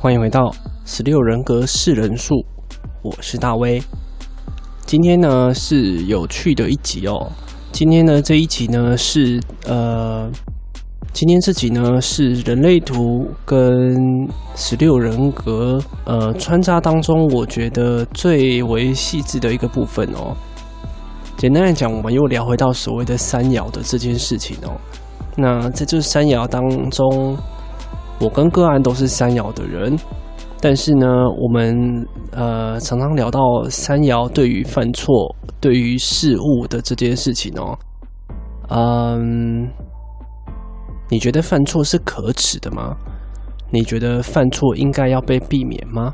歡迎回到十六人格四人樹，我是大威。今天呢是有趣的一集哦。今天呢這一集呢是呃，今天這集呢是人類圖跟十六人格呃穿插當中，我覺得最為細緻的一個部分哦。簡單來講，我們又聊回到所謂的三爻的這件事情哦。那在這三爻當中，我跟個案都是三爻的人，但是呢，我們呃常常聊到三爻對於犯錯、對於事物的這件事情哦。嗯，你覺得犯錯是可恥的嗎？你覺得犯錯應該要被避免嗎？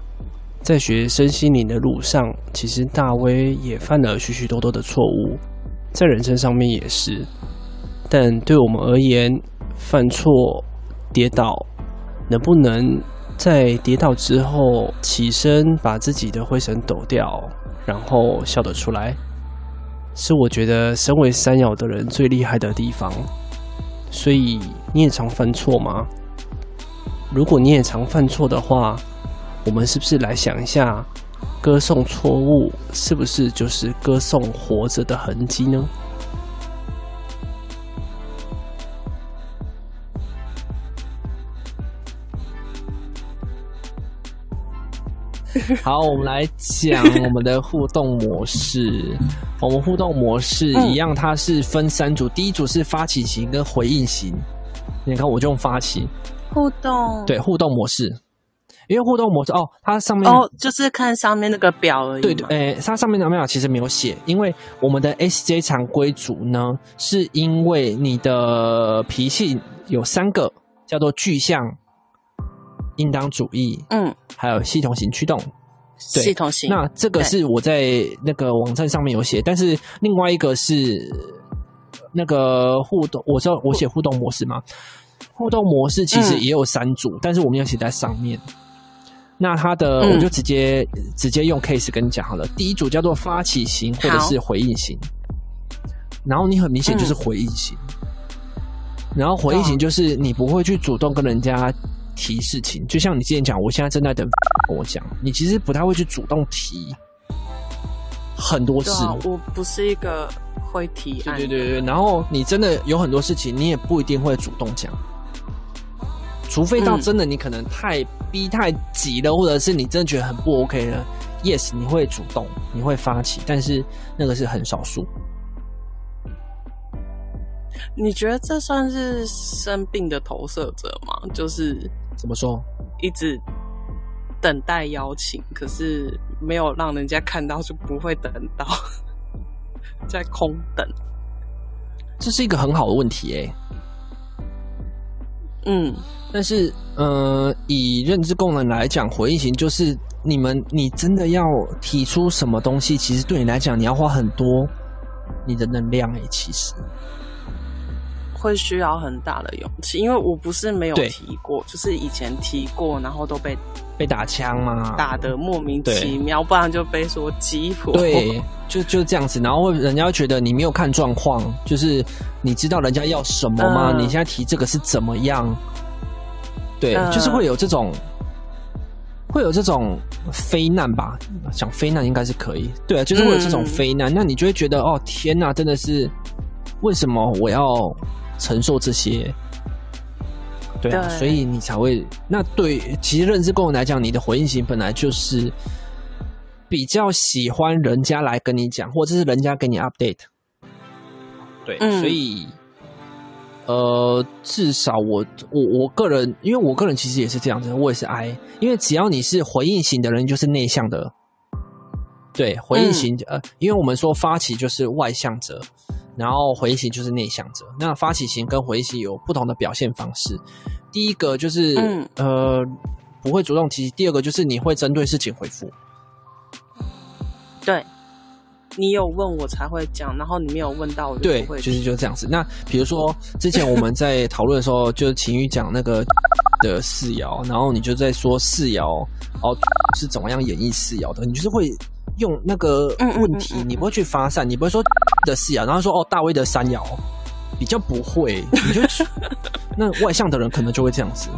在學身心靈的路上，其實大威也犯了許許多多的錯誤，在人生上面也是。但對我們而言，犯錯、跌倒。能不能在跌倒之後起身，把自己的灰塵抖掉，然後笑得出來，是我覺得身為三爻的人最厲害的地方。所以你也常犯錯嗎？如果你也常犯錯的話，我們是不是來想一下，歌頌錯誤是不是就是歌頌活着的痕跡呢？ 好，我們來講我們的互動模式。 我們互動模式一樣，嗯、它是分三組。第一組是發起型跟回應型。你看、嗯，我就用發起互動，對互動模式，因為互動模式哦，它上面哦就是看上面那個表而已。對，對，對，誒、欸，它上面那個表，其實沒有寫，因為我們的 S J 常規組呢，是因為你的脾氣有三個叫做具象、應當主義，嗯，還有系統型驅動。對，那這個是我在那個網站上面有寫，對但是另外一個是那個互動，我知道我寫互動模式嘛？互動模式其實也有三組，嗯、但是我們要寫在上面。那它的，嗯、我就直接直接用 case 跟你講好了。第一組叫做發起型或者是回應型，好然後你很明顯就是回應型，嗯、然後回應型就是你不會去主動跟人家提事情，就像你之前講，我現在正在等跟我講。你其實不太會去主動提很多事情。我不是一個會提，對對對對。然後你真的有很多事情，你也不一定會主動講。除非到真的你可能太逼太急了，嗯、或者是你真的覺得很不 OK 了，Yes，你會主動，你會發起，但是那個是很少數。你覺得這算是生病的投射者嗎？就是。怎麼說？一直等待邀請，可是沒有讓人家看到，就不會等到，在空等。這是一個很好的問題，欸，哎。嗯，但是，呃，以認知功能來講，回應型就是你們，你真的要提出什麼東西，其實對你來講，你要花很多你的能量，欸。哎，其實。會需要很大的勇氣，因為我不是沒有提過，對就是以前提過，然後都被被打槍嘛，啊，打得莫名其妙，對不然就被說雞婆。對，就就這樣子，然後人家會覺得你沒有看狀況，就是你知道人家要什麼嗎？呃，你現在提這個是怎麼樣？對，呃，就是會有這種，會有這種非難吧？想非難應該是可以，對啊，就是會有這種非難，嗯，那你就會覺得哦，天哪，啊，真的是為什麼我要？承受這些，對啊，對，所以你才會那對，其實認知功能來講，你的回應型本來就是比較喜歡人家來跟你講，或者是人家給你 update，對，嗯、所以呃，至少我我我個人，因為我個人其實也是這樣子，我也是 I，因為只要你是回應型的人，就是內向的，對，回應型、嗯、呃，因為我們說發起就是外向者。然後回型就是內向者，那發起型跟回型有不同的表現方式。第一個就是、嗯、呃不會主動提，第二個就是你會針對事情回復。對，你有問我才會講，然後你沒有問到我，對，就是就是、這樣子。那比如說之前我們在討論的時候，嗯、 就情雨講那個的四爻，然後你就在說四爻哦是怎麼樣演繹四爻的，你就是會。用那個問題，你不會去發散，嗯嗯嗯、你不會說的事啊。然後說哦，大威的三爻比較不會，你就 那外向的人可能就會這樣子，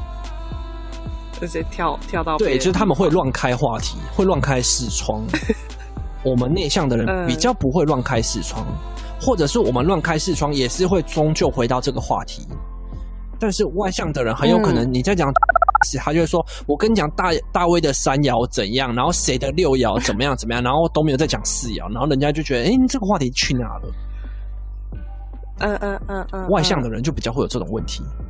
直接跳跳到。對，就是他們會亂開話題，會亂開視窗。 我們內向的人比較不會亂開視窗，或者是我們亂開視窗也是會終究回到這個話題。但是外向的人很有可能你在講。嗯是，他就會說：“我跟你講，大大威的三爻怎樣，然後誰的六爻怎麼樣怎麼樣，然後都沒有再講四爻，然後人家就覺得，哎、欸，你這個話題去哪了？”嗯嗯嗯嗯。呃呃呃、外向的人就比較會有這種問題。嗯、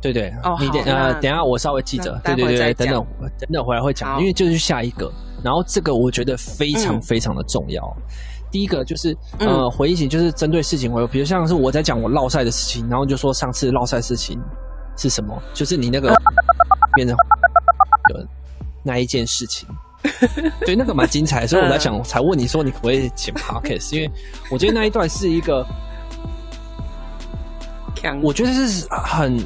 對，對對，你等呃，等一下我稍微記着，那對對對，等等等等，等等回來會講，哦、因為就是下一個。然後這個我覺得非常非常的重要。嗯、第一個就是呃，嗯、回憶型，就是針對事情回憶，比如像是我在講我烙賽的事情，然後就說上次烙賽事情。是什麼？就是你那個變成有那一件事情，對那個蠻精彩的，所以我在想，才問你說你可不可以剪 podcast，因為我覺得那一段是一個，我覺得是很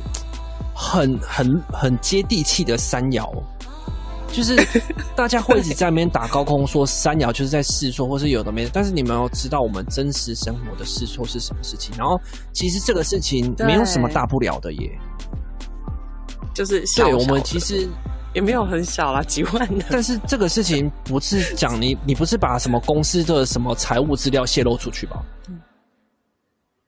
很很很接地氣的三爻，就是大家會一直在那邊打高空說三爻就是在試錯，或是有的沒的，但是你們要知道我們真實生活的試錯是什麼事情，然後其實這個事情沒有什麼大不了的耶。就是對我們其實也沒有很小啦，幾萬的。但是這個事情不是講你，你不是把什麼公司的什麼財務資料洩露出去吧？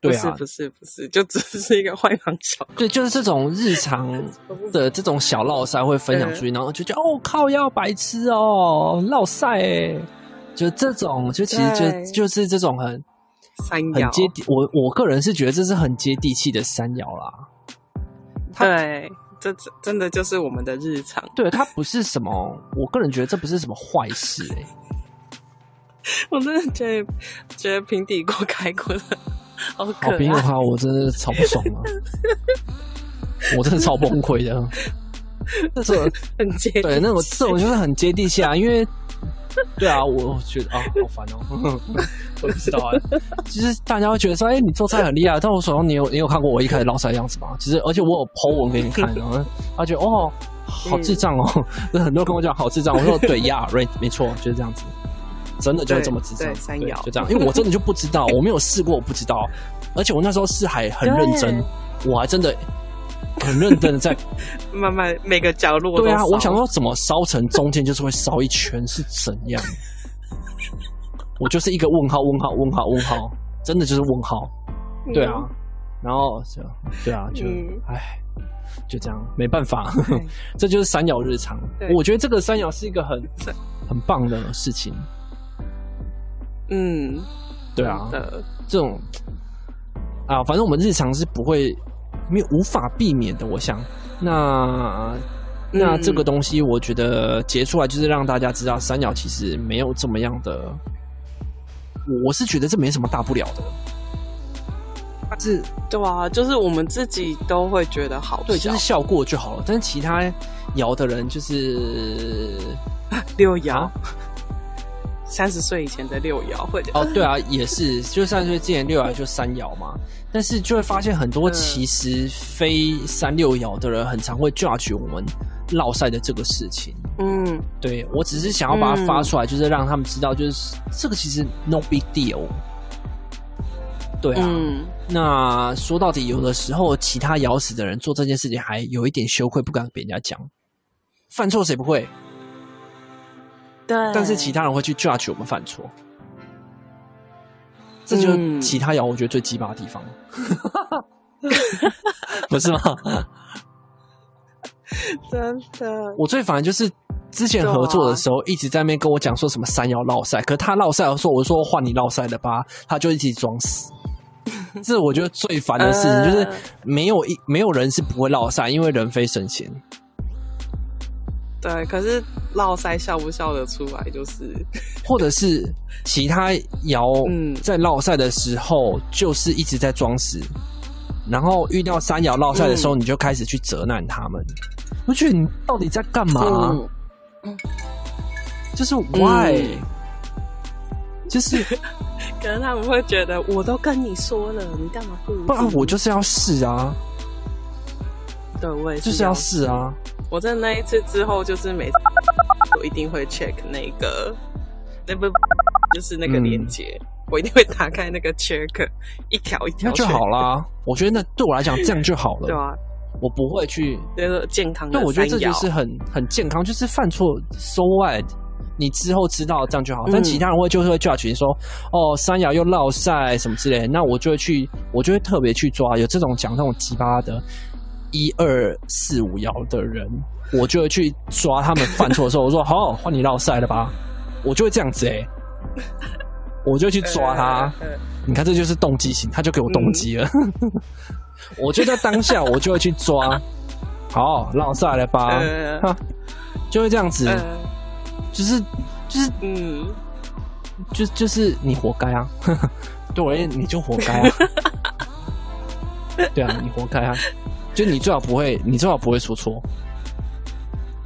對啊，不是不是，就只是一個壞人小。對，就是這種日常的這種小烙賽會分享出去，然後就覺得哦靠，要白痴哦，烙賽，就這種，就其實就就是這種很很接地。我我個人是覺得這是很接地氣的三爻啦，對。這真的就是我們的日常。對，它不是什麼，我個人覺得這不是什麼壞事哎、欸，我真的覺得覺得平底鍋開鍋了，好的話、啊、我真的超不爽啊， 我真的超崩潰的，這種 很接，對，那我這種就是很接地氣啊，因為對啊，我覺得啊、哦，好煩哦。 我不知道啊，其、就、實、是、大家會覺得說，哎、欸，你做菜很厲害。但我手上你有你有看過我一開始烙賽的樣子嗎？其實，而且我有 Po 文給你看呢，然後，覺得哦，好智障哦！那、嗯、 很多人跟我講好智障， 我說對呀、yeah, right, 沒錯，就是這樣子，真的就是這麼智障，對對對，就這樣。因為我真的就不知道，我沒有試過，我不知道。而且我那時候是還很認真，對我還真的很認真的在慢慢每個角落都。對啊，我想說怎麼燒成中間就是會燒一圈是怎樣。我就是一個問號，問，問號，問號，問號，真的就是問號，對啊，然後對啊，就、嗯、唉，就這樣，沒辦法， 這就是三爻日常。對我覺得這個三爻是一個很很棒的事情，嗯，對啊，的這種啊，反正我們日常是不會，沒有無法避免的。我想，那那這個東西，我覺得截出來就是讓大家知道，三爻其實沒有這麼樣的。我是覺得這沒什麼大不了的，對但是對啊，就是我們自己都會覺得好笑，對，就是笑過就好了。但是其他爻的人就是六爻，三十歲以前的六爻，或者哦，oh, 對啊，也是，就三十歲之前六爻就三爻嘛， 但是就會發現很多其實非三六爻的人，很常會 judge 我們。烙賽的這個事情，嗯，對我只是想要把它發出來，嗯、就是讓他們知道，就是這個其實 no big deal，哦、對啊，嗯、那說到底，有的時候其他咬死的人做這件事情還有一點羞愧，不敢跟人家講，犯錯誰不會？對，但是其他人會去 judge 我們犯錯，嗯、這就是其他咬我覺得最雞巴的地方， 不是嗎？ 真的，我最煩的就是之前合作的時候，一直在那邊跟我講說什麼三爻烙賽。啊、可是他烙賽的時候，我就說換你烙賽的吧，他就一直裝死。 這我覺得最煩的事情就是沒有一、呃、沒有人是不會烙賽，因為人非聖賢。對，可是烙賽笑不笑得出來，就是或者是其他爻，嗯，在烙賽的時候，就是一直在裝死，嗯、然後遇到三爻烙賽的時候，你就開始去責難他們。不去，你到底在幹嘛、啊？嗯、就是 why，、嗯、就是可能他們會覺得我都跟你說了，你幹嘛不？不然，我就是要試啊！對，我也是就是要試啊！我在那一次之後，就是每 我一定會 check 那個那不，就是那個鏈接，嗯、我一定會打開那個 check，一條一條。那就好啦，我覺得那對我來講這樣就好了， 對啊。我不會去健康，對，我覺得這就是很很健康，就是犯錯 So what? 你之後知道這樣就好。但其他人會就會叫群說，哦，三爻又烙賽什麼之類，那我就會去，我就會特別去抓有這種講那種雞巴，巴的一二四五爻的人，我就會去抓他們犯錯的時候，我說好，換你烙賽了吧，我就會這樣子哎、欸，我就去抓他，你看這就是動機型，他就給我動機了。嗯 我就在當下，我就會去抓。 好，烙賽了吧？哈、欸，就會這樣子，欸、就是就是嗯，就就是你活該啊！ 對我而言，你就活該。啊。 對啊，你活該啊！就你最好不會，你最好不會出錯。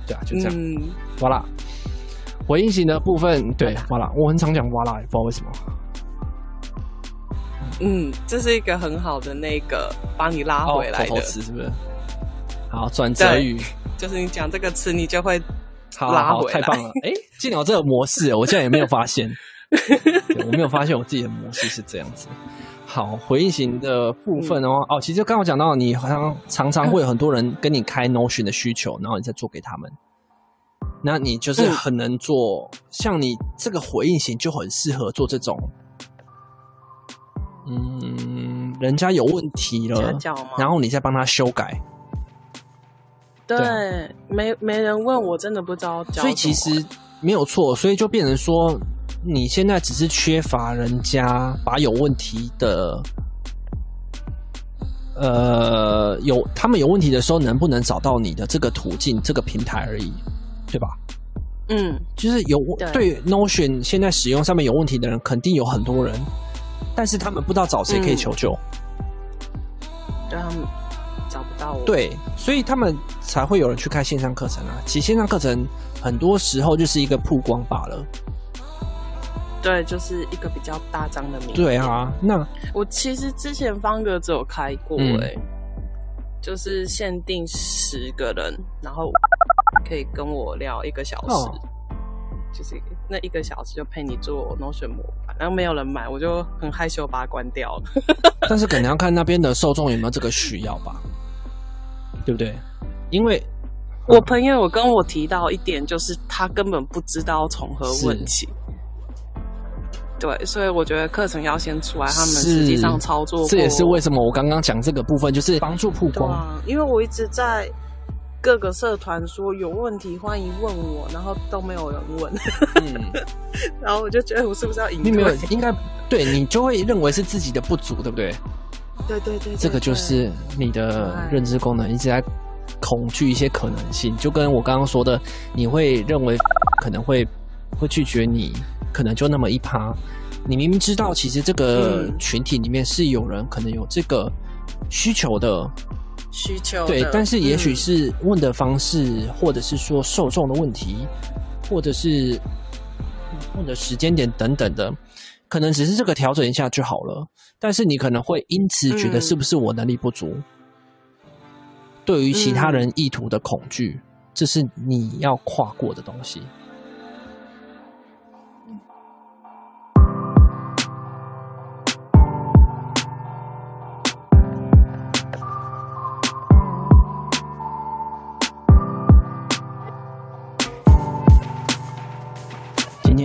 對啊，就這樣。voilà、嗯 voilà，回應型的部分 對 voilà、 voilà，我很常講 “voilà”，不知道為什麼。嗯，這是一個很好的那個幫你拉回來的、哦、口口詞，是不是？好轉折語，就是你講這個詞，你就會拉回來好，啊好。太棒了！哎 ，竟然有這個模式，我現在也沒有發現。 我沒有發現我自己的模式是這樣子。好，回應型的部分哦，嗯，哦，其實剛剛我講到，你好像常常會有很多人跟你開 Notion 的需求，嗯、然後你再做給他們。那你就是很能做，嗯、像你這個回應型就很適合做這種。嗯，人家有問題了，然後你再幫他修改。對，對沒沒人問我，真的不知道。所以其實沒有錯，所以就變成說，你現在只是缺乏人家把有問題的，呃，有他們有問題的時候能不能找到你的這個途徑、這個平台而已，對吧？嗯，就是有對，對 Notion 現在使用上面有問題的人，肯定有很多人。但是他們不知道找誰可以求救。嗯，對他們找不到我，對，所以他們才會有人去開線上課程啊。其實線上課程很多時候就是一個曝光罷了，對，就是一個比較大張的名片。對啊，那我其實之前方格子有開過哎、欸，嗯、就是限定十個人，然後可以跟我聊一個小時。哦就是那一個小時就陪你做 notion 模板，然後沒有人買，我就很害羞把它關掉了。 但是可能要看那邊的受眾有沒有這個需要吧， 對不對？因為我朋友有跟我提到一點，就是他根本不知道從何問起。是對，所以我覺得課程要先出來，他們實際上操作。這也是為什麼我剛剛講這個部分，就是幫助曝光、啊。因為我一直在。各個社團說有問題歡迎問我，然後都沒有人問，嗯、 然後我就覺得我是不是要引退？沒有，應該對你就會認為是自己的不足，對不對？對對對,對，這個就是你的認知功能一直對在恐懼一些可能性，對就跟我剛剛說的，你會認為可能會會拒絕你，可能就那麼一趴。你明明知道，其實這個群體裡面是有人、嗯、可能有這個需求的。需求對，但是也許是問的方式，嗯、或者是說受眾的問題，或者是問的時間點等等的，可能只是這個調整一下就好了。但是你可能會因此覺得是不是我能力不足，嗯、對於其他人意圖的恐懼，嗯、這是你要跨過的東西。